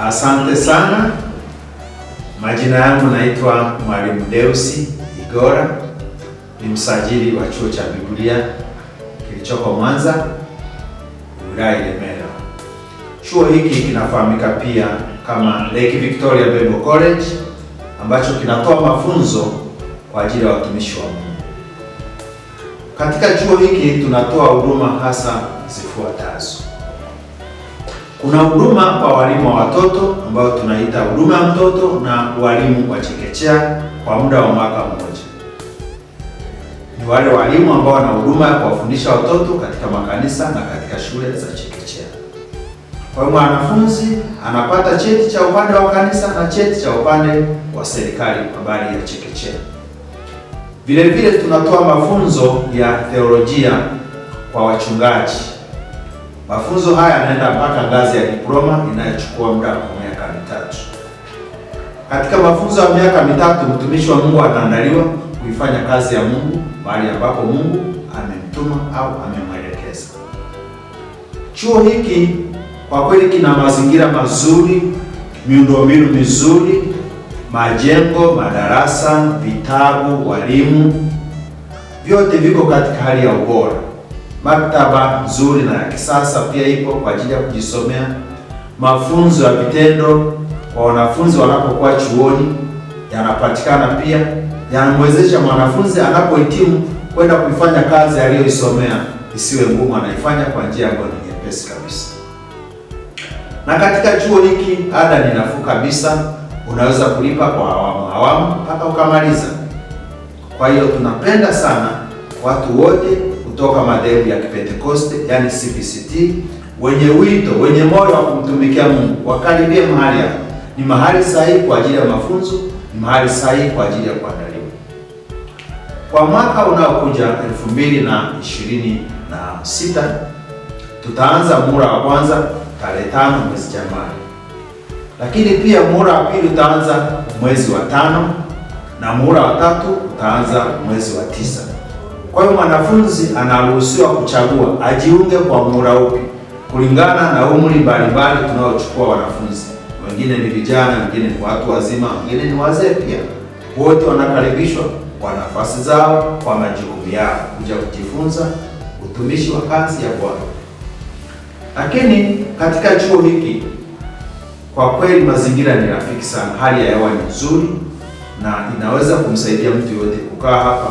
Asante sana. Majina yangu naitwa Mwalimu Deusi Igora, ni msajili wa chuo cha Biblia kilichoko Mwanza, wilaya Ilemela. Chuo hiki kinafahamika pia kama Lake Victoria Bible College ambacho kinatoa mafunzo kwa ajili ya watumishi wa Mungu. Katika chuo hiki tunatoa huduma hasa zifuatazo. Kuna huduma kwa walimu wa watoto ambao tunaita huduma ya mtoto na walimu wa chekechea kwa muda wa mwaka mmoja. Ni wale walimu ambao wana huduma ya kuwafundisha watoto katika makanisa na katika shule za chekechea. Kwa hiyo mwanafunzi anapata cheti cha upande wa kanisa na cheti cha upande wa serikali habari ya chekechea. Vile vile tunatoa mafunzo ya theolojia kwa wachungaji Mafunzo haya yanaenda mpaka ngazi ya diploma inayochukua muda wa miaka mitatu. Katika mafunzo ya miaka mitatu, mtumishi wa Mungu anaandaliwa kuifanya kazi ya Mungu mahali ambapo Mungu amemtuma au amemwelekeza. Chuo hiki kwa kweli kina mazingira mazuri, miundombinu mizuri, majengo, madarasa, vitabu, walimu, vyote viko katika hali ya ubora. Maktaba nzuri na ya kisasa pia ipo kwa ajili ya kujisomea, mafunzo ya vitendo kwa wanafunzi wanapokuwa chuoni yanapatikana pia, yanamwezesha mwanafunzi anapohitimu kwenda kuifanya kazi aliyoisomea isiwe ngumu, anaifanya kwa njia ambayo ni nyepesi kabisa. Na katika chuo hiki ada ni nafuu kabisa, unaweza kulipa kwa awamu awamu mpaka ukamaliza. Kwa hiyo tunapenda sana watu wote kutoka madhehebu ya Kipentekoste yani CPCT wenye wito, wenye moyo wa kumtumikia Mungu wakaribie mahali hapa. Ni mahali sahihi kwa ajili ya mafunzo, ni mahali sahihi kwa ajili ya kuandaliwa kwa mwaka unaokuja 2026. Tutaanza mura wa kwanza tarehe tano mwezi Januari, lakini pia mura wa pili utaanza mwezi wa tano na mura wa tatu utaanza mwezi wa tisa. Kwa hiyo mwanafunzi anaruhusiwa kuchagua ajiunge kwa muhula upi kulingana na umri mbalimbali tunaochukua wanafunzi. Wengine ni vijana, wengine ni watu wazima, wengine ni wazee pia. Wote wanakaribishwa kwa nafasi zao, kwa majukumu yao, kuja kujifunza utumishi wa kazi ya Bwana. Lakini katika chuo hiki kwa kweli mazingira ni rafiki sana, hali ya hewa ni nzuri na inaweza kumsaidia mtu yoyote kukaa hapa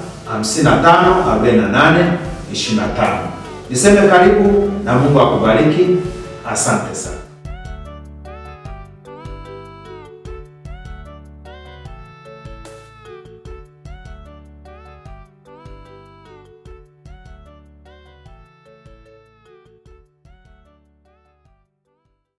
55 48 25. Niseme karibu na Mungu akubariki. Asante sana.